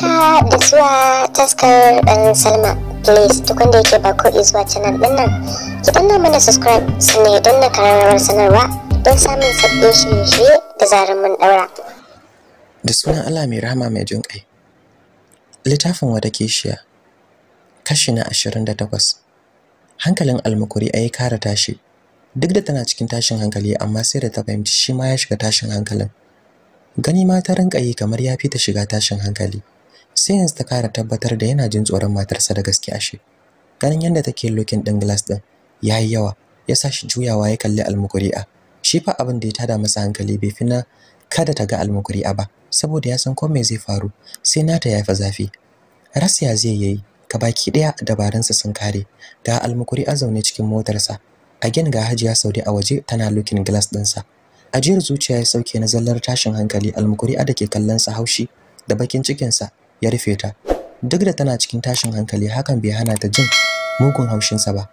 haka da zuwa taskar dan salma please duk wanda yake ba ko zuwa canal din nan ki danna mana subscribe sannan ya danna karamar sanarwa don samun sabbin shirye-shirye da zarar mun daura da sunan allah mai rahama mai jin kai littafin wada shiya kashi na 28 hankalin almukuri a yi kara tashi duk da tana cikin tashin hankali amma sai da ta fahimci shi ma ya shiga tashin hankalin gani ma ta rinka yi kamar ya fi ta shiga tashin hankali sai ta kara tabbatar da yana jin tsoron matarsa da gaske ashe ganin yadda take lokin ɗin glass ɗin yayi yawa ya sa shi juyawa ya kalli almukuri'a shi fa abin da ya tada masa hankali bai fi na kada ta ga almukuri'a ba saboda ya san ko me zai faru sai na ta fi zafi rasiya zai yayi ka baki ɗaya dabarunsa sun kare ga almukuri'a zaune cikin motarsa again ga hajiya saudi a waje tana lokin glass ɗinsa ajiyar zuciya ya sauke na zallar tashin hankali almukuri'a da ke kallon sa haushi da bakin cikinsa ya rufe ta duk da tana cikin tashin hankali hakan bai hana ta jin mugun haushinsa ba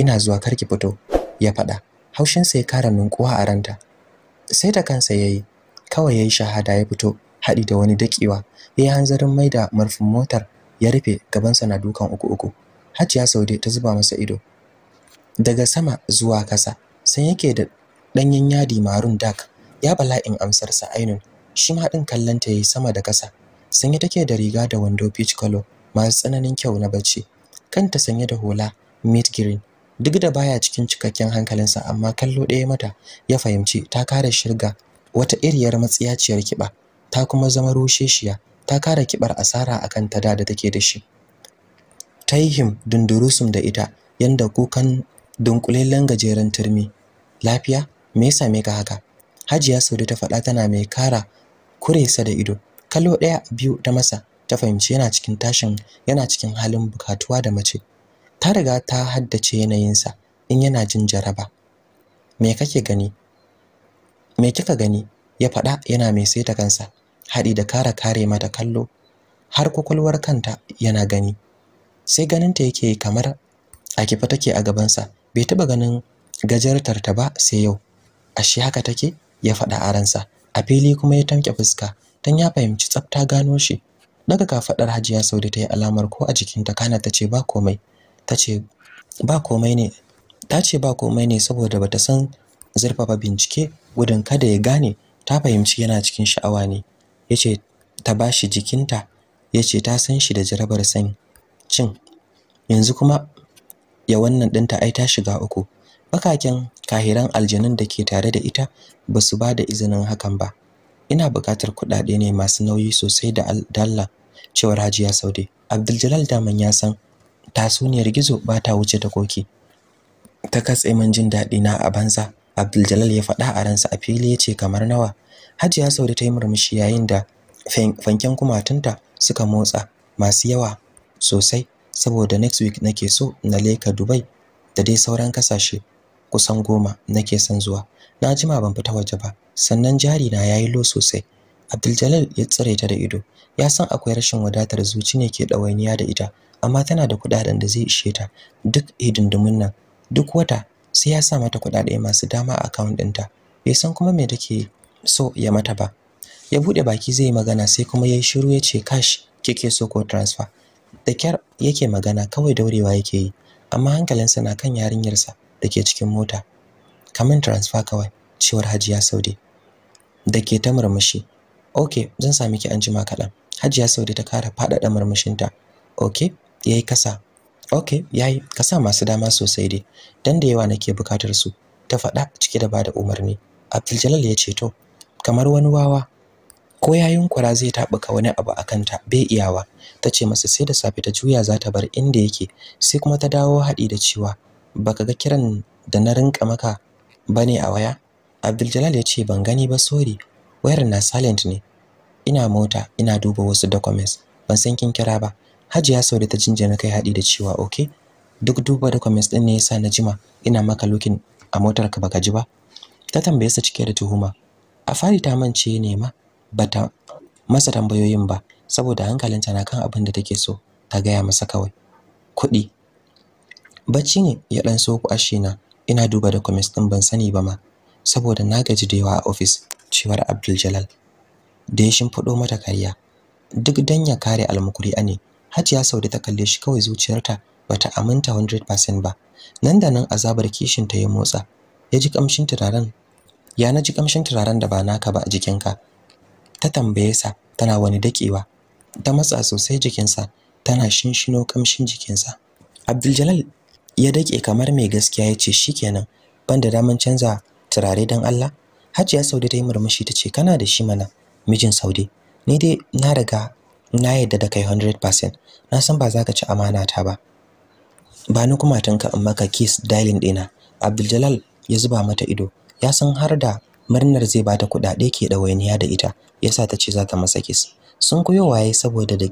ina zuwa karki fito ya faɗa haushinsa ya kara nunkuwa a ranta sai da kansa ya yi kawai ya yi shahada ya fito haɗi da wani daƙewa ya yi hanzarin mai da marfin motar ya rufe gabansa na dukan uku uku hajiya saude ta zuba masa ido daga sama zuwa kasa san yake da ɗanyen yadi marun dak ya bala'in amsarsa ainun shi ma ɗin kallonta ya yi sama da kasa sanye take da riga da wando peach color masu tsananin kyau na bacci kanta sanye da hula mid green duk da baya cikin cikakken hankalinsa amma kallo ɗaya mata ya fahimci ta kare shirga wata iriyar matsiyaciyar kiba ta kuma zama rusheshiya ta kare kibar asara akan ta da take da shi taihim dundurusum da ita yanda kukan dunkulelen gajeren turmi lafiya me yasa me ka haka hajiya saudi ta faɗa tana mai kara kuresa da ido kallo ɗaya biyu ta masa ta fahimci yana cikin tashin yana cikin halin bukatuwa da mace ta riga ta haddace yanayinsa in yana jin jaraba me kake gani me kika gani ya faɗa yana mai saita kansa haɗi da kara kare mata kallo har kwakwalwar kanta yana gani sai ganinta yake kamar a kifa take a gabansa bai taɓa ganin gajartar ta ba sai yau ashe haka take ya faɗa a ransa a fili kuma ya tamke fuska dan ya fahimci tsafta gano shi daga kafadar Hajiya Saudi ta yi alamar ko a jikinta kana ta ce ba komai ta ba komai ne ta ba komai ne saboda bata san zurfafa bincike gudun kada ya gane ta fahimci yana cikin sha'awa ne yace ta bashi jikinta yace ta san shi da jarabar san cin yanzu kuma ya wannan dinta ai ta shiga uku bakaken kahiran aljanun da ke tare da ita ba su ba da izinin hakan ba ina buƙatar kuɗaɗe ne masu nauyi sosai da dalla cewar Hajiya Saude Abdul daman ya san tasuniyar gizo ba ta wuce ta koki ta katse min jin daɗi na a banza Abdul ya faɗa a ransa a fili ce kamar nawa Hajiya Saude ta yi murmushi yayin da fanken kumatunta suka motsa masu yawa sosai saboda next week nake so na leka Dubai da dai sauran kasashe kusan goma nake son zuwa na jima ban fita waje ba sannan jari na yayi lo sosai Abdul ya tsare ta da ido ya san akwai rashin wadatar zuci ne ke ɗawainiya da ita amma tana da kuɗaɗen da zai ishe ta duk hidindimun nan duk wata sai ya sa mata kuɗaɗe masu dama a account ta, bai san kuma me take so ya mata ba ya bude baki zai yi magana sai kuma ya shiru ya ce cash kike so ko transfer da kyar yake magana kawai daurewa yake yi amma hankalinsa na kan yarinyarsa da ke cikin mota kamin transfer kawai cewar hajiya saude da ke ta murmushi ok zan sami ki an jima kaɗan hajiya saude ta kara faɗaɗa murmushinta ok ya yi kasa ok ya yi kasa masu dama sosai dai don da yawa nake bukatar su ta faɗa cike da bada umarni abdul ya ce to kamar wani wawa ko yayin kura zai taɓuka wani abu a kanta bai iyawa ta ce masa sai da safe ta juya za ta bar inda yake sai kuma ta dawo haɗi da cewa baka ga kiran da na rinka maka bane a waya Abdul ya ce ban gani ba sori wayar na silent ne ina mota ina duba wasu documents ban san kin kira ba Hajiya sauri ta jinjina kai hadi da cewa okay duk duba documents din ne yasa na jima ina maka looking a motar ka baka ji ba ta tambaye sa cike da tuhuma a fari ta mance ne ma bata masa tambayoyin ba saboda hankalinta na kan abin da take so ta gaya masa kawai kuɗi bacci ne ya dan so ashina ina duba da documents din ban sani ba ma saboda na gaji da yawa a ofis, cewar Abdul da ya shimfido mata kariya duk dan ya kare almukuri ne Hajiya Saudi ta kalle shi kawai zuciyarta bata aminta 100% ba nan da nan azabar kishin ta ya motsa ya ji kamshin turaren ya na ji kamshin turaren da ba naka ba a jikinka ta tambaye sa tana wani dakewa ta matsa sosai jikinsa tana shinshino kamshin jikinsa Abdul ya dake kamar mai gaskiya ya ce shi kenan, banda daman canza turare don Allah Hajiya Saude ta yi murmushi ta ce kana da shi mana mijin saudi ni dai na riga na yadda da kai 100% na san ba za ka ci amana ta ba ba ni kuma in maka kiss dialing dina Abdul ya zuba mata ido ya san har da murnar zai bata kuɗaɗe ke ɗawainiya da ita yasa ta ce za ta masa kiss sun koyo waye saboda da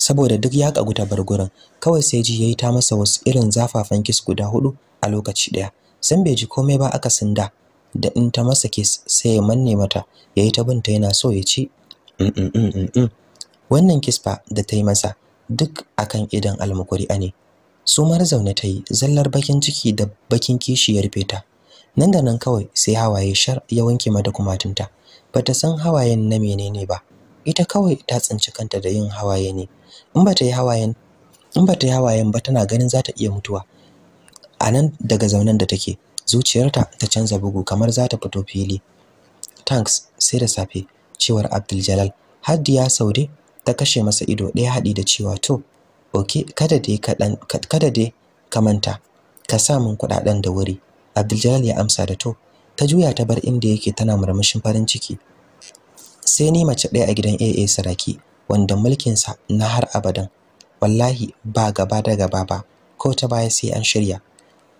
saboda duk ya kagu ta bar gurin kawai sai ji yayi ta masa wasu irin zafafan kis guda hudu a lokaci daya san bai ji komai ba aka sinda da in ta masa kis sai ya manne mata yayi ta binta yana so ya ci mm, mm, mm, wannan kiss fa da ta yi masa duk akan idan almukuri'a ne su mar zaune ta yi zallar bakin ciki da bakin kishi ya rufe ta nan da nan kawai sai hawaye shar ya wanke mata kumatunta bata san hawayen na menene ba ita kawai ta tsinci kanta da yin hawaye ne in bata yi hawayen in ta yi hawayen ba tana ganin za ta iya mutuwa a nan daga zaunen da take zuciyarta ta canza bugu kamar za ta fito fili tanks sai da safe cewar abdul jalal haddi ya saude ta kashe masa ido ɗaya haɗi da cewa to oke kada dai kada dai ka manta ka sa min kuɗaɗen da wuri abdul ya amsa da to ta juya ta bar inda yake tana murmushin farin ciki sai ni mace ɗaya a gidan AA Saraki wanda mulkinsa na har abadan wallahi ba gaba da gaba ba ko ta baya sai an shirya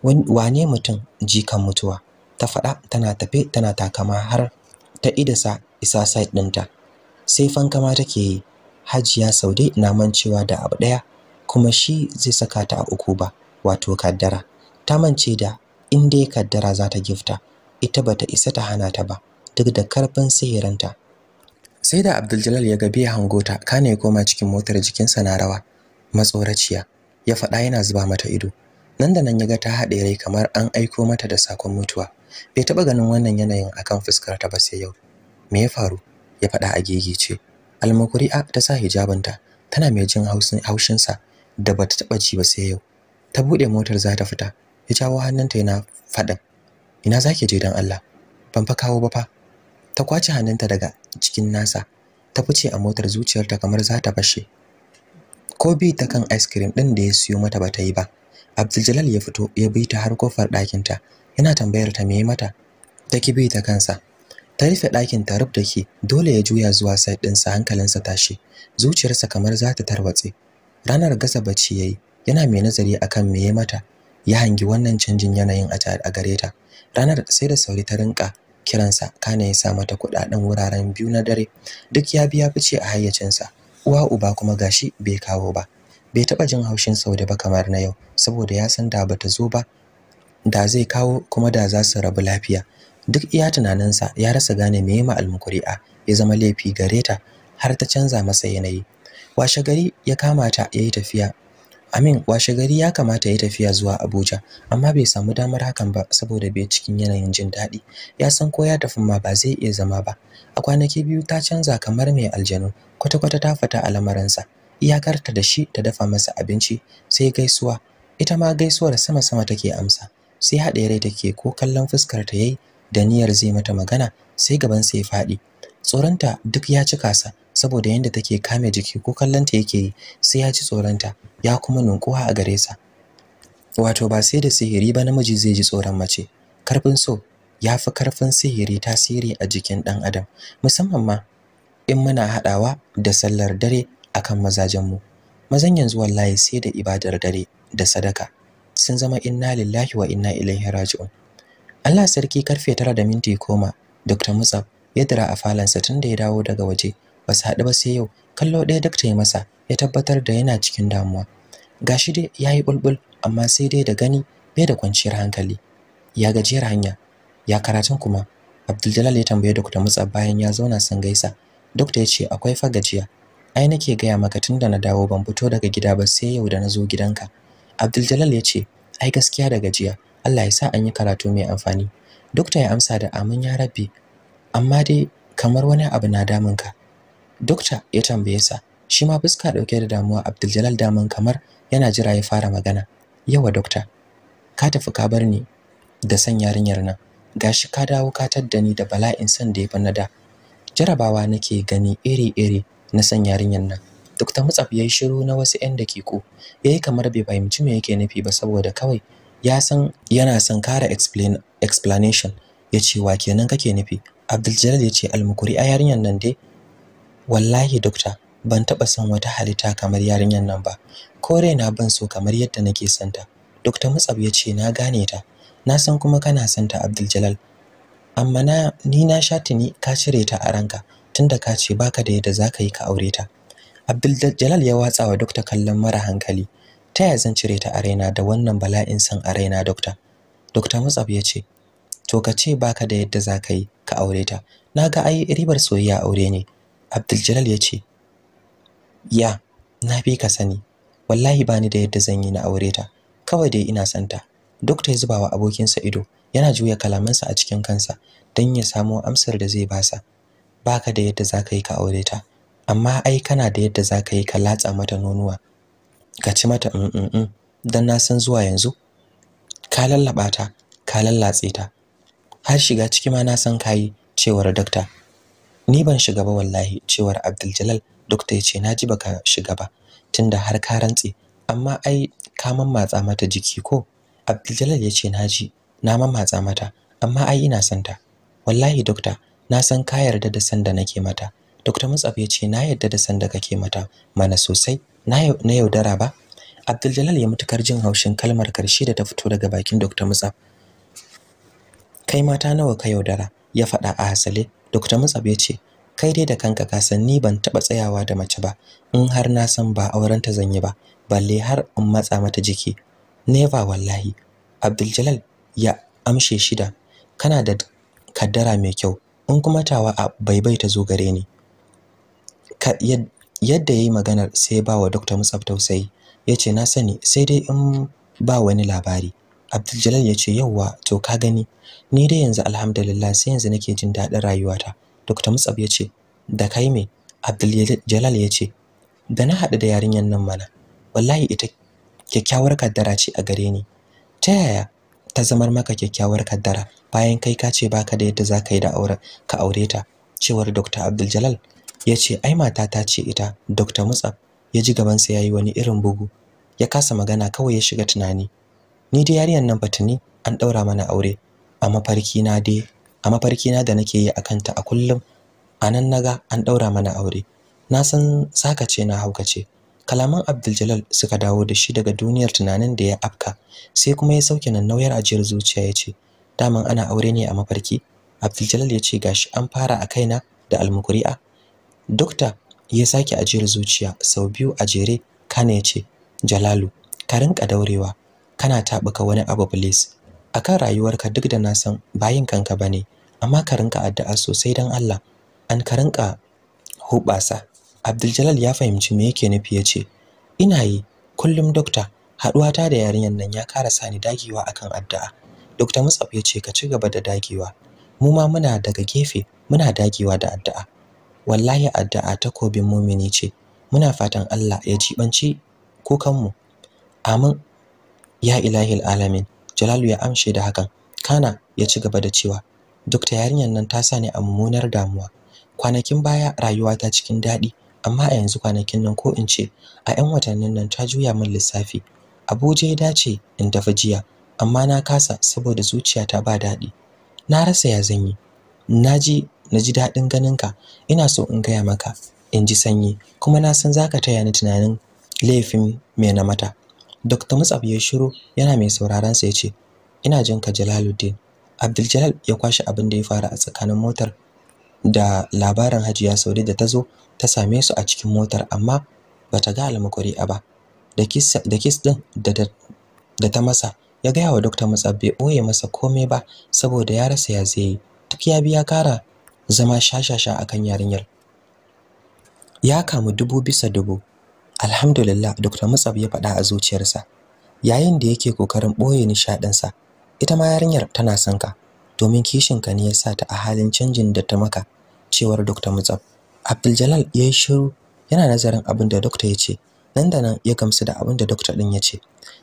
wane mutum jikan mutuwa ta faɗa tana tafe tana takama har ta idasa isa side ɗinta sai fankama take yi hajiya saude na mancewa da abu ɗaya kuma shi zai saka ta a uku ba wato kaddara ta mance da in dai kaddara za ta gifta ita bata isa ta hana ta ba duk da karfin sihirinta sai da Abduljalal ya ga biya hango ta kane koma cikin motar jikinsa na rawa matsoraciya ya faɗa yana zuba mata ido nan da nan ya ga ta haɗe rai kamar an aiko mata da sakon mutuwa bai taɓa ganin wannan yanayin akan fuskar ta ba sai yau me ya faru ya faɗa a gegece almakuri'a ta sa hijabinta tana mai jin haushinsa da bata taɓa ji ba sai yau ta buɗe motar za ta fita ya jawo hannunta yana faɗin ina zaki je dan Allah ban fa kawo ba fa ta kwace hannunta daga cikin nasa ta fice a motar zuciyarta kamar za ta fashe ko bi ta kan ice cream din da ya siyo mata bata yi ba Abdul ya fito ya bi ta har kofar ɗakin ta yana tambayar ta me mata ta ki bi ta kansa ta rufe ɗakin ta rub ki dole ya juya zuwa side ɗinsa hankalinsa tashi zuciyarsa kamar za ta tarwatse ranar gasa bacci yayi yana mai nazari akan me ya mata ya hangi wannan canjin yanayin a gare ta ranar sai da sauri ta rinka kiransa kana ya sa mata kuɗaɗen wuraren biyu na dare duk ya biya fice a hayyacinsa uwa uba kuma gashi bai kawo ba bai taɓa jin haushin saude ba kamar na yau saboda ya san da bata zo ba da zai kawo kuma da za su rabu lafiya duk iya tunaninsa ya rasa gane me ya ma'almu ya zama laifi gare ta har ta canza masa yanayi washe gari ya kamata ta ya yi tafiya Amin washe gari ya kamata ya tafiya zuwa Abuja amma bai samu damar hakan ba saboda bai cikin yanayin jin daɗi. Ya san ko ya tafi ma ba zai iya zama ba. A kwanaki biyu ta canza kamar mai aljanu, kwata-kwata ta fita a Iyakarta da shi ta dafa masa abinci sai gaisuwa. Ita ma gaisuwar sama-sama take amsa. Sai haɗe rai take ko kallon fuskar ta yayi da niyyar zai mata magana sai gaban sai ya faɗi. Tsoronta duk ya cika sa saboda yanda take kame jiki ko kallon ta yake yi sai ya ji ta, ya kuma nunkuwa a gare sa wato ba sai da sihiri ba namiji zai ji tsoron mace karfin so ya fi karfin sihiri tasiri a jikin ɗan adam musamman ma in muna haɗawa da sallar dare akan mazajenmu mazan yanzu wallahi sai da ibadar dare da sadaka sun zama inna lillahi wa inna ilaihi raji'un Allah sarki karfe tara da minti koma Dr. Mutsab ya dira a falansa tun da ya dawo daga waje ba su haɗu ba sai yau kallo ɗaya dakta ya masa ya tabbatar da yana cikin damuwa gashi dai ya yi bulbul amma sai dai da gani bai da kwanciyar hankali ya gajiyar hanya ya karatun kuma abdul ya tambaye dokta mutsa bayan ya zauna sun gaisa dokta ya ce akwai fa gajiya ai nake gaya maka tun da na dawo ban fito daga gida ba sai yau da na zo gidanka abdul ya ce ai gaskiya da gajiya Allah ya sa an yi karatu mai amfani dokta ya amsa da amin ya rabbi amma dai kamar wani abu na damunka dokta ya tambaye sa shi ma fuska dauke da damuwa Abdul daman kamar yana jira ya fara magana yawa dokta ka tafi ka bar ni da san yarinyar nan gashi ka dawo ka tadda ni da bala'in san da ya na da jarabawa nake gani iri-iri na san yarinyar nan Dokta Mutsaf yayi shiru na wasu 'yan dakiku, ya yi kamar bai fahimci me yake nufi ba saboda kawai ya san yana son kara explanation ya wa kenan kake nufi. Abdul ya ce almukuri a yarinyar nan dai wallahi dokta ban taɓa son wata halitta kamar yarinyar nan ba ko raina ban so kamar yadda nake santa dokta mutsab ya ce na gane ta na san kuma kana santa abdul jalal amma na ni na sha Tini ka cire ta a ranka tunda ka ce baka da yadda zaka yi ka aure ta abdul jalal ya watsa wa dokta kallon mara hankali ta yaya zan cire ta a raina da wannan bala'in san a raina dokta dokta mutsab ya ce to ka ce baka da yadda zaka yi ka aure ta Na ga ai ribar soyayya aure ne Abdul ya ce, Ya, na fi ka sani, wallahi bani da yadda zan yi na aure ta, kawai dai ina santa. Duk ya zuba wa abokinsa ido, yana juya kalamansa a cikin kansa dan ya samo amsar da zai basa. Baka da yadda za ka yi ka aure ta, amma ai kana da yadda za ka yi ka latsa mata nonuwa. Ka ci mata mm dan na san zuwa yanzu. Ka lallaɓa ta, ka lallatse ta. Har shiga ciki ma na san kayi, cewar dakta. ni ban shiga ba wallahi cewar Abdul duk ya ce naji baka shiga ba tunda har ka rantsi, amma ai ka mamatsa mata jiki ko Abdul ya ce naji na mamatsa mata amma ai ina santa wallahi dokta na san ka yarda da san sanda nake mata Dr. Mutsaf ya ce na yarda da san sanda kake mata mana sosai na yaudara ba Abdul ya mutukar jin haushin kalmar karshe da ta fito daga bakin Dr. Mutsaf kai mata nawa ka yaudara ya faɗa a hasale Dr. Mutsab ya ce kai dai da kanka ka san ni ban taba tsayawa da mace ba in har na san ba auren ta zanyi ba balle har in matsa mata jiki never wallahi Abdul ya amshe shida kana da kaddara mai kyau in kuma tawa a baibai ta zo gare ni yadda yayi maganar sai ba wa Dr. Musab tausayi yace na sani sai dai in ba wani labari Abdul ya ce yauwa to ka gani ni dai yanzu alhamdulillah sai yanzu nake jin daɗin rayuwata Dr. Mutsab ya ce da kai me Abdul Jalal ya ce da na haɗu da yarinyar nan mana wallahi ita kyakkyawar kaddara ce a gare ni ta yaya ta zamar maka kyakkyawar kaddara bayan kai ka ce baka da yadda zaka yi da aure ka aure ta cewar Dr. Abdul ya ce ai matata ce ita Dr. Mutsab ya ji gabansa yayi wani irin bugu ya kasa magana kawai ya shiga tunani ni dai yariyan nan batuni an daura mana aure a mafarki na dai a mafarki na da nake yi akan ta a kullum anan naga an daura mana aure na san saka ce na hauka ce kalaman Abdul suka dawo da shi daga duniyar tunanin da ya afka sai kuma ya sauke nan nauyar ajiyar zuciya ya ce daman ana aure ne a mafarki Abdul ya ce gashi an fara a kaina da almukuri'a dokta ya sake ajiyar zuciya sau biyu a jere kana ya ce Jalalu ka rinka daurewa kana tabuka wani abu please akan rayuwarka duk da na san bayin kanka bane amma ka rinka addu'a sosai dan Allah an ka rinka hubasa Abdul ya fahimci me yake nufi yace ina yi kullum doctor ta da yarinyar nan ya kara ni dagewa akan addu'a doctor Musab yace ka ci gaba da dagewa mu ma muna daga gefe muna dagewa da addu'a wallahi addu'a ta kobin mumini ce muna fatan Allah ya jibanci kukanmu amin ya ilahil alamin jalalu ya amshe da hakan kana ya ci gaba da cewa duk ta yarinyar nan ta sa ni a mummunar damuwa kwanakin baya rayuwa ta cikin daɗi amma a yanzu kwanakin nan ko in ce a 'yan watannin nan ta juya min lissafi abuja ya dace in tafi jiya amma na kasa saboda zuciya ta ba daɗi na rasa ya zanyi naji naji daɗin ka, ina so in gaya maka in ji sanyi kuma na san zaka taya ni tunanin laifin me na mata Dr. Mutsab ya shiru yana mai sauraron sa yace ina jin ka Jalaluddin Abdul ya kwashi abin da ya fara a tsakanin motar da labarin Hajiya Saudi da ta zo ta same su a cikin motar amma bata ga almakuri ba da kis da kis din da da ta masa ya gaya wa Dr. Mutsab bai oye masa komai ba saboda ya rasa ya zai duk ya biya kara zama shashasha akan yarinyar ya kamu dubu bisa dubu Alhamdulillah Dr. Mutsab ya faɗa a zuciyarsa yayin da yake kokarin boye nishaɗinsa ita ma yarinyar tana son ka domin kishin ka ne yasa ta a halin canjin da ta maka cewar Dr. Mutsab Abdul Jalal ya yi shiru yana nazarin abin da doctor ya ce nan da nan ya gamsu da abin da doctor din ya ce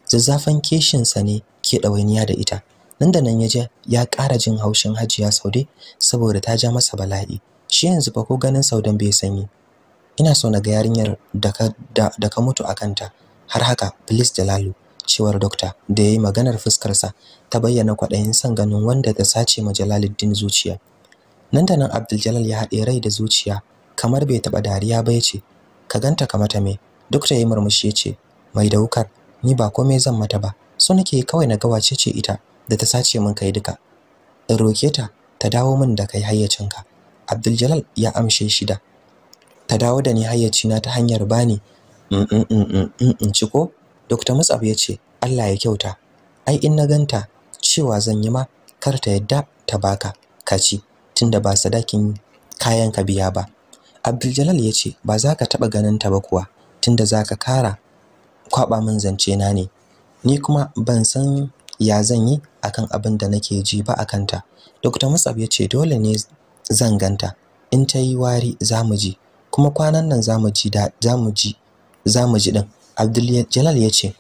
zazzafan kishinsa ne ke ɗawainiya da ita nan da nan ya je ya ƙara jin haushin Hajiya Saude saboda ta ja masa bala'i shi yanzu ba ko ganin Saudan bai sanyi ina so na ga yarinyar da ka da, ka mutu a kanta har haka please Jalalu cewar dokta da yayi maganar fuskarsa ta bayyana kwaɗayin san ganin wanda ta sace ma Jalaluddin zuciya nan da nan Abdul Jalal ya haɗe rai da zuciya kamar bai taɓa dariya ba yace ka ganta ka mata me dokta yayi murmushi yace mai daukar ni ba komai zan mata ba so nake kawai na ga wace ce ita da ta sace min kai duka in roke ta ta dawo min da kai hayyacinka Abdul Jalal ya amshe shida ta dawo da ni hayyacina ta hanyar bani mm, mm, mm, in ci ko dr mutsab ya ce allah ya kyauta ai in na ganta cewa zan yi ma kar ta yadda ta baka ka ci tunda ba sadakin kayan ka biya ba abdul ya ce ba za ka taɓa ganin ta ba kuwa tunda za ka kara kwaɓa min zance na ne ni kuma ban san ya zan yi akan abin da nake ji ba akanta Dokta dr mutsab ya ce dole ne zan ganta in ta yi wari za mu ji kuma kwanan nan zamu ji da zamu ji zamu din Abdul Jalal ya ce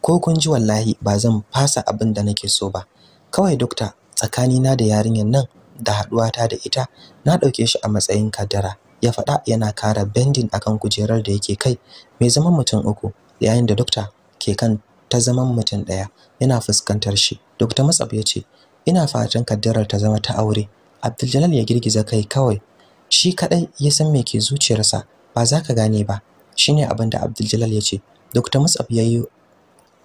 ko kun ji wallahi ba zan fasa abin da nake so ba kawai dokta tsakanina da yarinyar nan da haɗuwata da ita na ɗauke shi a matsayin kaddara ya faɗa yana kara bending akan kujerar da yake kai mai zaman mutum uku yayin da dokta ke kan ta zaman mutum ɗaya yana fuskantar shi dokta matsab ya ce ina fatan kaddarar ta zama ta aure abdul ya girgiza kai kawai shi kaɗai ya san me ke zuciyarsa ba za ka gane ba shine abin da Abdul ya ce Dr. Musab ya yi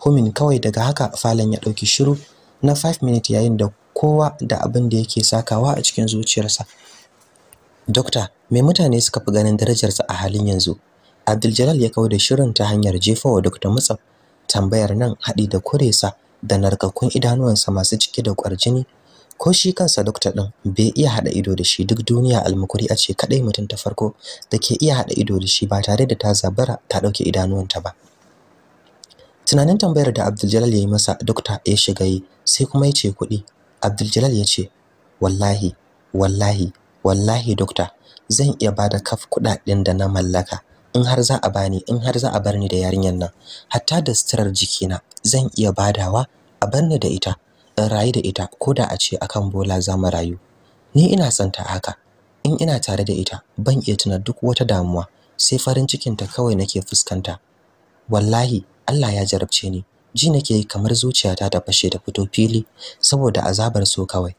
humin kawai daga haka falon ya ɗauki shiru na 5 minutes yayin da kowa da abin da yake sakawa a cikin zuciyarsa Dokta, me mutane suka fi ganin darajarsa a halin yanzu? Abdul ya kawo da shirin ta hanyar jefa wa Dr. Musab tambayar nan haɗi da kuresa da narkakkun idanuwansa masu cike da kwarjini ko shi kansa dokta ɗin bai iya haɗa ido da shi duk duniya almukuri a ce kaɗai mutum ta farko da ke iya haɗa ido da shi ba tare da ta zabara ta ɗauke idanuwanta ba tunanin tambayar da abdul ya yi masa dokta ya shiga yi sai kuma ya ce kuɗi abdul ya ce wallahi wallahi wallahi dokta zan iya bada da kaf kuɗaɗen da na mallaka in har za a bani in har za a bar ni da yarinyar nan hatta da sitirar jikina zan iya badawa a bar da ita in rayu da ita ko da a ce akan bola za mu rayu ni ina son ta haka in ina tare da ita ban iya tuna duk wata damuwa sai farin cikin ta kawai nake fuskanta wallahi Allah ya jarabce ni ji nake kamar zuciyata ta fashe da fito fili saboda azabar so kawai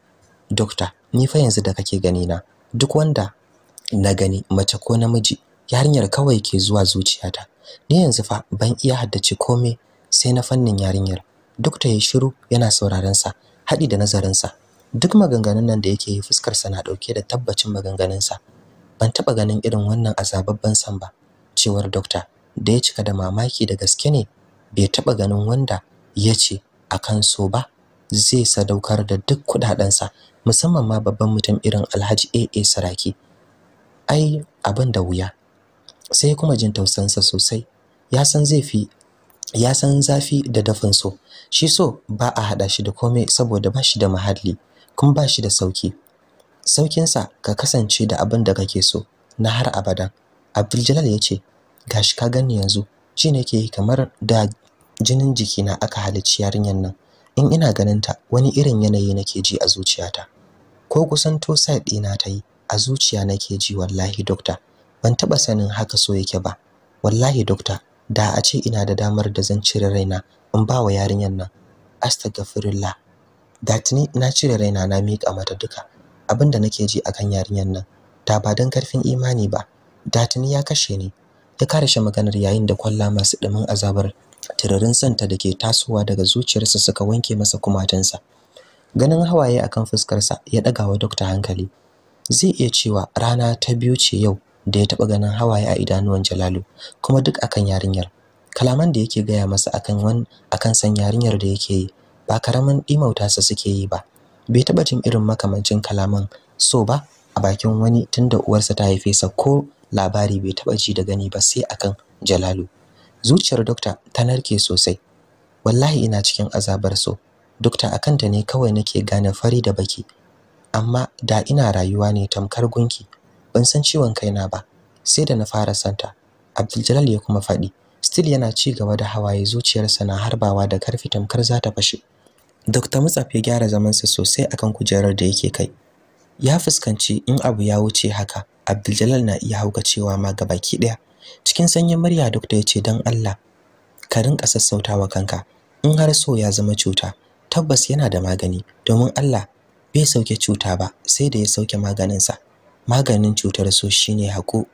dokta ni fa yanzu da kake gani na duk wanda na gani mace ko namiji yarinyar kawai ke zuwa zuciyata ni yanzu fa ban iya haddace komai sai na fannin yarinyar duk da ya shiru yana sauraron sa haɗi da nazarinsa. duk maganganun nan da yake yi fuskar sa na ɗauke da tabbacin maganganunsa. ban taɓa ganin irin wannan azababban san ba cewar dokta da ya cika da mamaki da gaske ne bai taɓa ganin wanda ya ce a kan so ba zai sadaukar da duk kuɗaɗensa musamman ma babban mutum irin alhaji aa saraki ai abin da wuya sai kuma jin tausansa sosai ya san zai fi ya san zafi da dafin so shi so ba a hada shi da komai saboda ba shi da muhalli kuma ba shi da sauki saukinsa ka kasance da abin da kake so na har abada abdul ya ce gashi ka gani yanzu shi ne ke kamar da jinin jikina aka halicci yarinyar nan in ina ganinta wani irin yanayi nake ji a zuciyata ko kusan to side ɗina ta yi a zuciya nake ji wallahi dokta ban taɓa sanin haka so yake ba wallahi dokta da a ce ina da damar da zan cire raina in ba wa yarinyar nan astagfirullah da tuni na cire raina na mika mata duka abinda nake ji akan yarinyar nan da ba dan karfin imani ba da tuni ya kashe ni ya karshe maganar yayin da kwalla masu ɗumin azabar tirarin santa da ke tasowa daga zuciyarsa suka wanke masa kumatinsa ganin hawaye akan fuskarsa ya ɗaga wa dokta hankali zai iya cewa rana ta biyu ce yau da ya taɓa ganin hawaye a idanuwan Jalalu kuma duk akan yarinyar kalaman da yake gaya masa akan wan akan san yarinyar da yake yi ba karaman imauta sa suke yi ba bai taɓa jin irin makamancin kalaman so ba a bakin wani tunda uwarsa ta haife sa ko labari bai taɓa ji da gani ba sai akan Jalalu zuciyar dokta ta narke sosai wallahi ina cikin azabar so dokta akanta ne kawai nake gane fari da baki amma da ina rayuwa ne tamkar gunki ban san ciwon kaina ba sai da na fara santa Abdul ya kuma faɗi still yana ci gaba da hawaye zuciyarsa na harbawa da karfi tamkar za ta fashe Dr. Mutsaf ya gyara zamansa sosai akan kujerar da yake kai ya fuskanci in abu ya wuce haka Abdul na iya hauka cewa ma ga baki ɗaya. cikin sanyin murya doctor ya ce dan Allah ka rinka sassautawa kanka in har so ya zama cuta tabbas yana da magani domin Allah bai sauke cuta ba sai da ya sauke maganinsa maganin cutar so shine hako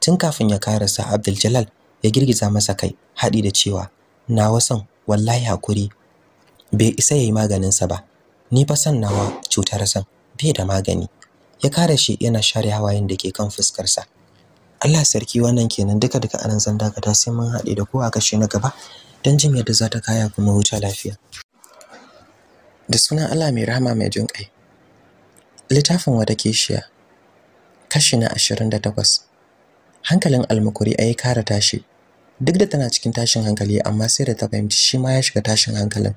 tun kafin ya karasa Abdul Jalal ya girgiza masa kai haɗi da cewa na wasan wallahi hakuri bai isa yayi maganin sa ba ni fa san nawa cutar san bai da magani ya kare shi yana share hawayen da ke kan fuskar sa Allah sarki wannan kenan duka duka anan zan ta sai mun hade da ko a kashe na gaba dan jin yadda za ta kaya kuma huta lafiya da sunan Allah mai rahama mai jin kai littafin wata shiya kashi na takwas hankalin almakuri ayi kara tashi duk da tana cikin tashin hankali amma sai da ta fahimci shi ma ya shiga tashin hankalin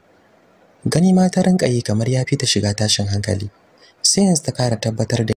gani ma ta rinka yi kamar ya fita shiga tashin hankali sai yanzu ta kara tabbatar da